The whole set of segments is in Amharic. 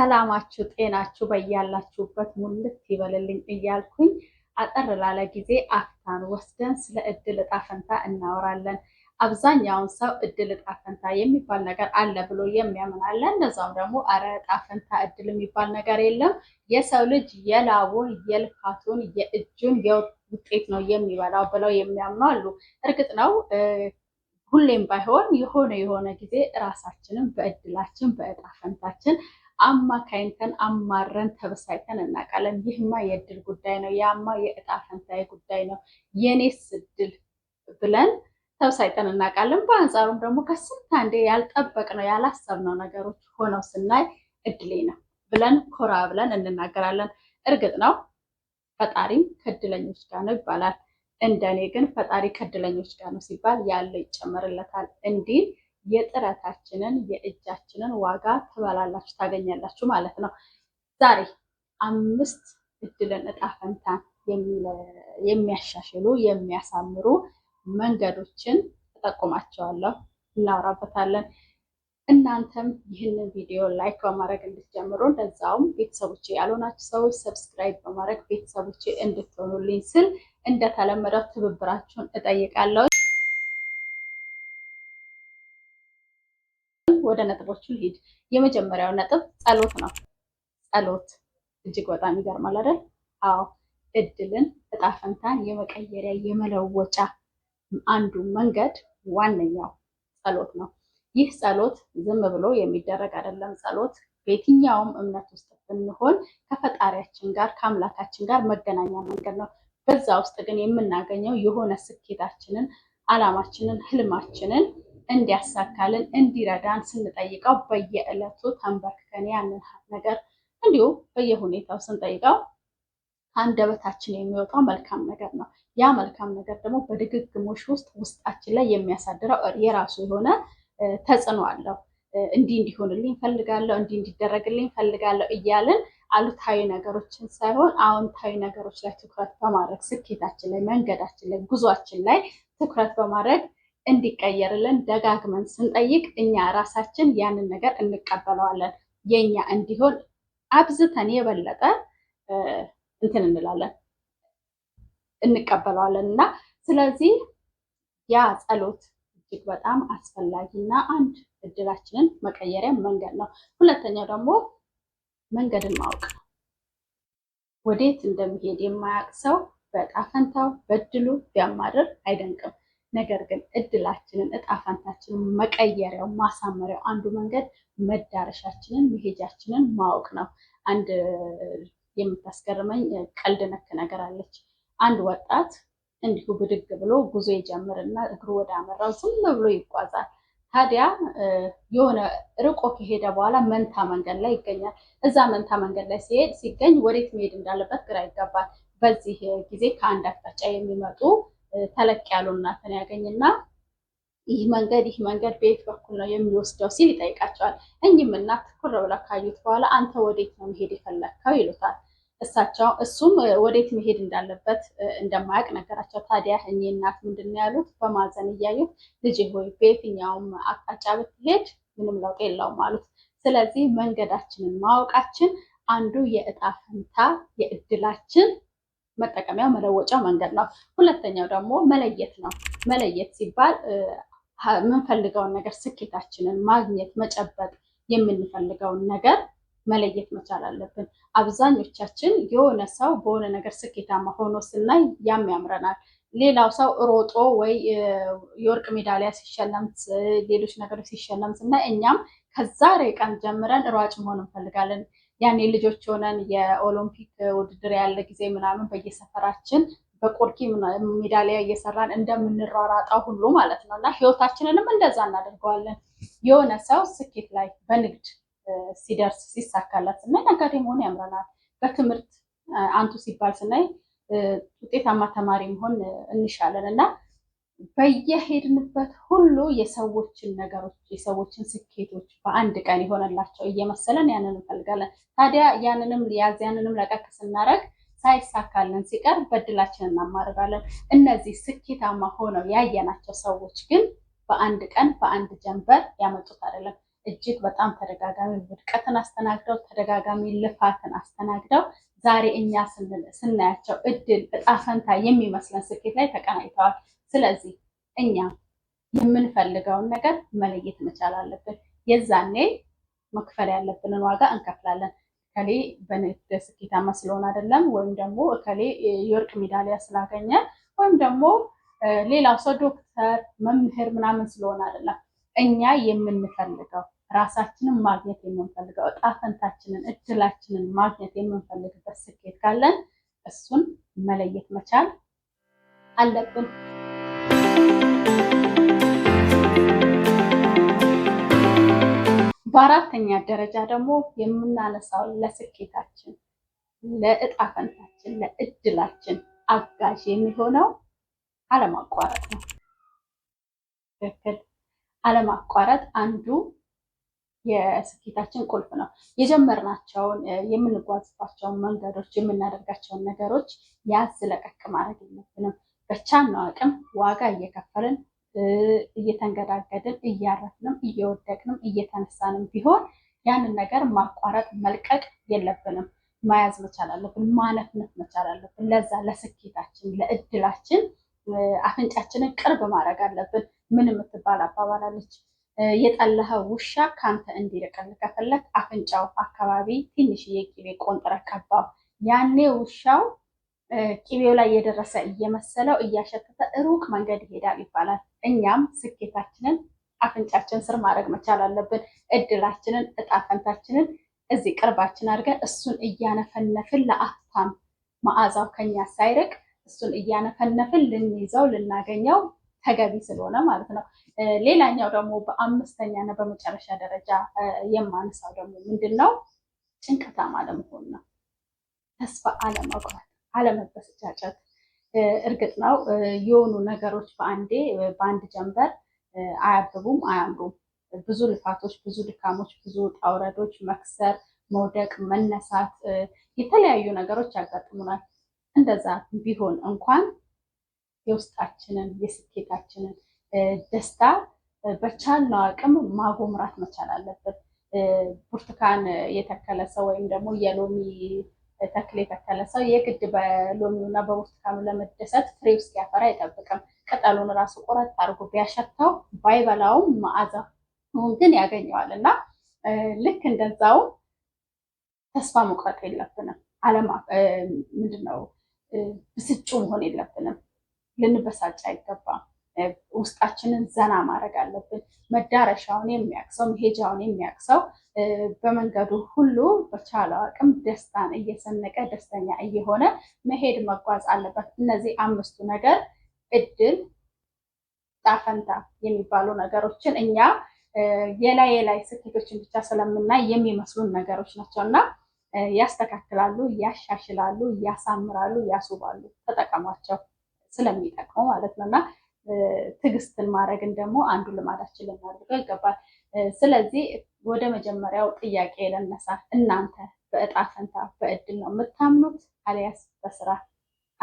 ሰላማችሁ፣ ጤናችሁ በያላችሁበት ሙልት ይበልልኝ እያልኩኝ አጠር ላለ ጊዜ አፍታን ወስደን ስለ እድል እጣ ፈንታ እናወራለን። አብዛኛውን ሰው እድል እጣ ፈንታ የሚባል ነገር አለ ብሎ የሚያምን አለ። እንደዛውም ደግሞ አረ እጣ ፈንታ እድል የሚባል ነገር የለም፣ የሰው ልጅ የላቡን የልፋቱን የእጁን ውጤት ነው የሚበላው ብለው የሚያምኑ አሉ። እርግጥ ነው ሁሌም ባይሆን የሆነ የሆነ ጊዜ ራሳችንም በእድላችን በእጣ ፈንታችን አማካኝተን አማረን ተበሳይተን እናውቃለን። ይህማ የእድል ጉዳይ ነው፣ ያማ የእጣ ፈንታዬ ጉዳይ ነው፣ የኔስ እድል ብለን ተብሳይጠን እናውቃለን። በአንጻሩም ደግሞ ከስንት አንዴ ያልጠበቅነው ያላሰብነው ነገሮች ሆነው ስናይ እድሌ ነው ብለን ኮራ ብለን እንናገራለን። እርግጥ ነው ፈጣሪም ከእድለኞች ጋር ነው ይባላል። እንደኔ ግን ፈጣሪ ከእድለኞች ጋር ነው ሲባል ያለው ይጨመርለታል እንዲህ የጥረታችንን የእጃችንን ዋጋ ትበላላችሁ ታገኛላችሁ ማለት ነው። ዛሬ አምስት እድልን እጣ ፈንታን የሚያሻሽሉ የሚያሳምሩ መንገዶችን ተጠቁማቸዋለሁ እናወራበታለን። እናንተም ይህንን ቪዲዮ ላይክ በማድረግ እንድትጀምሩ እንደዛውም ቤተሰቦቼ ያልሆናችሁ ሰዎች ሰብስክራይብ በማድረግ ቤተሰቦቼ እንድትሆኑልኝ ስል እንደተለመደው ትብብራችሁን እጠይቃለሁ። ወደ ነጥቦቹ ልሂድ። የመጀመሪያው ነጥብ ጸሎት ነው። ጸሎት እጅግ በጣም ይገርማል አይደል? አዎ እድልን እጣ ፈንታን የመቀየሪያ የመለወጫ አንዱ መንገድ ዋነኛው ጸሎት ነው። ይህ ጸሎት ዝም ብሎ የሚደረግ አይደለም። ጸሎት በየትኛውም እምነት ውስጥ ብንሆን ከፈጣሪያችን ጋር ከአምላካችን ጋር መገናኛ መንገድ ነው። በዛ ውስጥ ግን የምናገኘው የሆነ ስኬታችንን፣ አላማችንን፣ ህልማችንን እንዲያሳካልን እንዲረዳን ስንጠይቀው በየዕለቱ ተንበርክከን ያንን ነገር እንዲሁም በየሁኔታው ስንጠይቀው አንደበታችን የሚወጣው መልካም ነገር ነው። ያ መልካም ነገር ደግሞ በድግግሞሽ ውስጥ ውስጣችን ላይ የሚያሳድረው የራሱ የሆነ ተጽዕኖ አለው። እንዲህ እንዲሆንልኝ ፈልጋለሁ፣ እንዲህ እንዲደረግልኝ ፈልጋለሁ እያልን አሉታዊ ነገሮችን ሳይሆን አዎንታዊ ነገሮች ላይ ትኩረት በማድረግ ስኬታችን ላይ፣ መንገዳችን ላይ፣ ጉዟችን ላይ ትኩረት በማድረግ እንዲቀየርልን ደጋግመን ስንጠይቅ እኛ ራሳችን ያንን ነገር እንቀበለዋለን። የኛ እንዲሆን አብዝተን የበለጠ እንትን እንላለን እንቀበለዋለን እና ስለዚህ ያ ጸሎት እጅግ በጣም አስፈላጊ እና አንድ እድላችንን መቀየሪያ መንገድ ነው። ሁለተኛው ደግሞ መንገድን ማወቅ ነው። ወዴት እንደሚሄድ የማያውቅ ሰው በጣፈንታው በእድሉ ቢያማርር አይደንቅም። ነገር ግን እድላችንን እጣፋንታችንን መቀየሪያው ማሳመሪያው አንዱ መንገድ መዳረሻችንን መሄጃችንን ማወቅ ነው። አንድ የምታስገርመኝ ቀልድ ነክ ነገር አለች። አንድ ወጣት እንዲሁ ብድግ ብሎ ጉዞ ይጀምርና እግሩ ወደ አመራው ዝም ብሎ ይጓዛል። ታዲያ የሆነ ርቆ ከሄደ በኋላ መንታ መንገድ ላይ ይገኛል። እዛ መንታ መንገድ ላይ ሲሄድ ሲገኝ ወዴት መሄድ እንዳለበት ግራ ይገባል። በዚህ ጊዜ ከአንድ አቅጣጫ የሚመጡ ተለቅ ያሉ እናትን ያገኝና ይህ መንገድ ይህ መንገድ በየት በኩል ነው የሚወስደው ሲል ይጠይቃቸዋል። እኚህም እናት ትኩር ብለው ካዩት በኋላ አንተ ወዴት ነው መሄድ የፈለግከው ይሉታል። እሳቸው እሱም ወዴት መሄድ እንዳለበት እንደማያውቅ ነገራቸው። ታዲያ እኚህ እናት ምንድን ነው ያሉት? በማዘን እያዩት ልጅ ሆይ በየትኛውም አቅጣጫ ብትሄድ ምንም ለውጥ የለውም አሉት። ስለዚህ መንገዳችንን ማወቃችን አንዱ የእጣ ፈንታ የእድላችን መጠቀሚያ መለወጫ መንገድ ነው። ሁለተኛው ደግሞ መለየት ነው። መለየት ሲባል የምንፈልገውን ነገር ስኬታችንን ማግኘት መጨበጥ የምንፈልገውን ነገር መለየት መቻል አለብን። አብዛኞቻችን የሆነ ሰው በሆነ ነገር ስኬታማ ሆኖ ስናይ ያም ያምረናል። ሌላው ሰው ሮጦ ወይ የወርቅ ሜዳሊያ ሲሸለም፣ ሌሎች ነገሮች ሲሸለም ስናይ እኛም ከዛሬ ቀን ጀምረን ሯጭ መሆን እንፈልጋለን። ያኔ ልጆች ሆነን የኦሎምፒክ ውድድር ያለ ጊዜ ምናምን በየሰፈራችን በቆርኪ ሜዳሊያ እየሰራን እንደምንሯሯጠው ሁሉ ማለት ነው። እና ህይወታችንንም እንደዛ እናደርገዋለን። የሆነ ሰው ስኬት ላይ በንግድ ሲደርስ ሲሳካላት ስናይ ነጋዴ መሆን ያምረናል። በትምህርት አንቱ ሲባል ስናይ ውጤታማ ተማሪ መሆን እንሻለን እና በየሄድንበት ሁሉ የሰዎችን ነገሮች የሰዎችን ስኬቶች በአንድ ቀን የሆነላቸው እየመሰለን ያንን እንፈልጋለን። ታዲያ ያንንም ያዝ ያንንም ለቀቅ ስናደርግ ሳይሳካልን ሲቀር በድላችን እናማርራለን። እነዚህ ስኬታማ ሆነው ያየናቸው ሰዎች ግን በአንድ ቀን በአንድ ጀንበር ያመጡት አይደለም። እጅግ በጣም ተደጋጋሚ ውድቀትን አስተናግደው ተደጋጋሚ ልፋትን አስተናግደው ዛሬ እኛ ስናያቸው እድል እጣ ፈንታ የሚመስለን ስኬት ላይ ተቀናኝተዋል። ስለዚህ እኛ የምንፈልገውን ነገር መለየት መቻል አለብን። የዛኔ መክፈል ያለብንን ዋጋ እንከፍላለን። እከሌ በንግድ ስኬታማ ስለሆነ አይደለም፣ ወይም ደግሞ እከሌ የወርቅ ሜዳሊያ ስላገኘ ወይም ደግሞ ሌላው ሰው ዶክተር፣ መምህር ምናምን ስለሆነ አይደለም። እኛ የምንፈልገው ራሳችንን ማግኘት የምንፈልገው እጣ ፈንታችንን እድላችንን ማግኘት የምንፈልግበት ስኬት ካለን እሱን መለየት መቻል አለብን። በአራተኛ ደረጃ ደግሞ የምናነሳው ለስኬታችን፣ ለእጣ ፈንታችን፣ ለእድላችን አጋዥ የሚሆነው አለማቋረጥ ነው። ትክክል። አለማቋረጥ አንዱ የስኬታችን ቁልፍ ነው። የጀመርናቸውን የምንጓዝባቸውን መንገዶች የምናደርጋቸውን ነገሮች ያዝ ለቀቅ ማድረግ የለብንም። በቻልነው አቅም ዋጋ እየከፈልን እየተንገዳገድን እያረፍንም እየወደቅንም እየተነሳንም ቢሆን ያንን ነገር ማቋረጥ መልቀቅ የለብንም። መያዝ መቻል አለብን። ማነፍነፍ መቻል አለብን። ለዛ ለስኬታችን ለእድላችን አፍንጫችንን ቅርብ ማድረግ አለብን። ምን የምትባል አባባል አለች፣ ውሻ ከአንተ እንዲርቅል ከፈለግ አፍንጫው አካባቢ ትንሽዬ ቂቤ ቆንጥረ ቀባው። ያኔ ውሻው ቂቤው ላይ የደረሰ እየመሰለው እያሸተተ ሩቅ መንገድ ይሄዳል ይባላል። እኛም ስኬታችንን አፍንጫችን ስር ማድረግ መቻል አለብን። እድላችንን እጣ ፈንታችንን እዚህ ቅርባችን አድርገን እሱን እያነፈነፍን ለአፍታም መዓዛው ከኛ ሳይርቅ እሱን እያነፈነፍን ልንይዘው ልናገኘው ተገቢ ስለሆነ ማለት ነው። ሌላኛው ደግሞ በአምስተኛ እና በመጨረሻ ደረጃ የማነሳው ደግሞ ምንድን ነው? ጭንቀታም አለመሆን ነው። ተስፋ አለመቁረጥ፣ አለመበስጫጨት እርግጥ ነው የሆኑ ነገሮች በአንዴ በአንድ ጀንበር አያብቡም፣ አያምሩም። ብዙ ልፋቶች፣ ብዙ ድካሞች፣ ብዙ ውጣ ውረዶች፣ መክሰር፣ መውደቅ፣ መነሳት፣ የተለያዩ ነገሮች ያጋጥሙናል። እንደዛ ቢሆን እንኳን የውስጣችንን የስኬታችንን ደስታ በቻልነው አቅም ማጎምራት መቻል አለብን። ብርቱካን የተከለ ሰው ወይም ደግሞ የሎሚ ተክል የተከለ ሰው የግድ በሎሚውና በብርቱካኑ ለመደሰት ውስጥ ያፈራ አይጠብቅም። ቅጠሉን ራሱ ቁረጥ አድርጎ ቢያሸታው ባይበላውም መዓዛውን ግን ያገኘዋል እና ልክ እንደዛው ተስፋ መቁረጥ የለብንም። አለማ ምንድነው ብስጩ መሆን የለብንም። ልንበሳጭ አይገባም። ውስጣችንን ዘና ማድረግ አለብን። መዳረሻውን የሚያቅሰው መሄጃውን የሚያቅሰው በመንገዱ ሁሉ በቻለው አቅም ደስታን እየሰነቀ ደስተኛ እየሆነ መሄድ መጓዝ አለበት። እነዚህ አምስቱ ነገር እድል፣ ጣፈንታ የሚባሉ ነገሮችን እኛ የላይ የላይ ስኬቶችን ብቻ ስለምናይ የሚመስሉን ነገሮች ናቸው እና ያስተካክላሉ፣ ያሻሽላሉ፣ ያሳምራሉ፣ ያስውባሉ። ተጠቀሟቸው ስለሚጠቅሙ ማለት ነው እና ትዕግስትን ማድረግን ደግሞ አንዱ ልማዳችን ልናደርገው ይገባል። ስለዚህ ወደ መጀመሪያው ጥያቄ ለነሳ እናንተ በእጣ ፈንታ በእድል ነው የምታምኑት አሊያስ በስራ?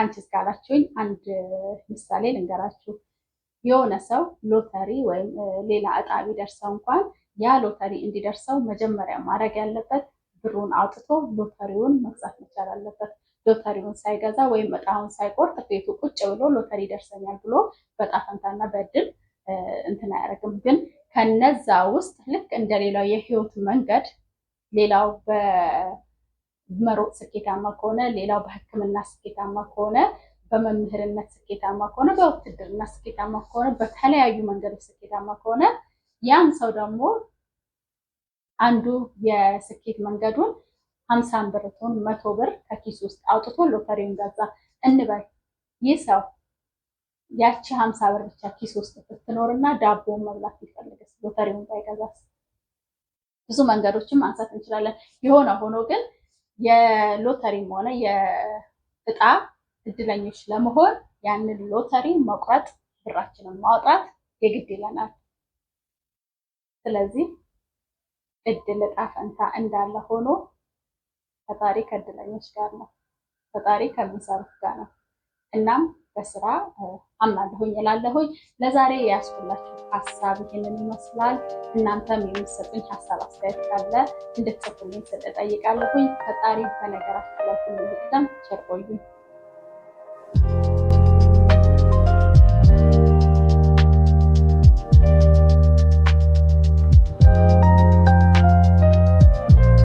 አንቺ እስካላችሁኝ አንድ ምሳሌ ልንገራችሁ። የሆነ ሰው ሎተሪ ወይም ሌላ እጣ ቢደርሰው እንኳን ያ ሎተሪ እንዲደርሰው መጀመሪያ ማድረግ ያለበት ብሩን አውጥቶ ሎተሪውን መግዛት መቻል አለበት። ሎተሪውን ሳይገዛ ወይም እጣውን ሳይቆርጥ ቤቱ ቁጭ ብሎ ሎተሪ ደርሰኛል ብሎ በዕጣ ፈንታና በእድል እንትን አያደርግም። ግን ከነዛ ውስጥ ልክ እንደሌላው የህይወት መንገድ ሌላው በመሮጥ ስኬታማ ከሆነ፣ ሌላው በህክምና ስኬታማ ከሆነ፣ በመምህርነት ስኬታማ ከሆነ፣ በውትድርና ስኬታማ ከሆነ፣ በተለያዩ መንገዶች ስኬታማ ከሆነ ያም ሰው ደግሞ አንዱ የስኬት መንገዱን ሀምሳን ብር ትሆን መቶ ብር ከኪስ ውስጥ አውጥቶ ሎተሪውን ገዛ እንበል። ይህ ሰው ያቺ ሀምሳ ብር ብቻ ኪስ ውስጥ ብትኖርና ዳቦን መብላት ይፈልግስ ሎተሪውን ባይገዛስ? ብዙ መንገዶችን ማንሳት እንችላለን። የሆነ ሆኖ ግን የሎተሪም ሆነ የእጣ እድለኞች ለመሆን ያንን ሎተሪ መቁረጥ፣ ብራችንን ማውጣት የግድ ይለናል። ስለዚህ እድል እጣ ፈንታ እንዳለ ሆኖ ፈጣሪ ከእድለኞች ጋር ነው። ፈጣሪ ከምንሰሩት ጋር ነው። እናም በስራ አምናለሁኝ እላለሁኝ። ለዛሬ የያዝኩላችሁ ሀሳብ ይህንን ይመስላል። እናንተም የሚሰጡኝ ሀሳብ አስተያየት ካለ እንድትጽፉልኝ ስል እጠይቃለሁኝ። ፈጣሪ በነገራችሁ ላይ ሁሉ ይቅደም። ቸር ቆዩኝ።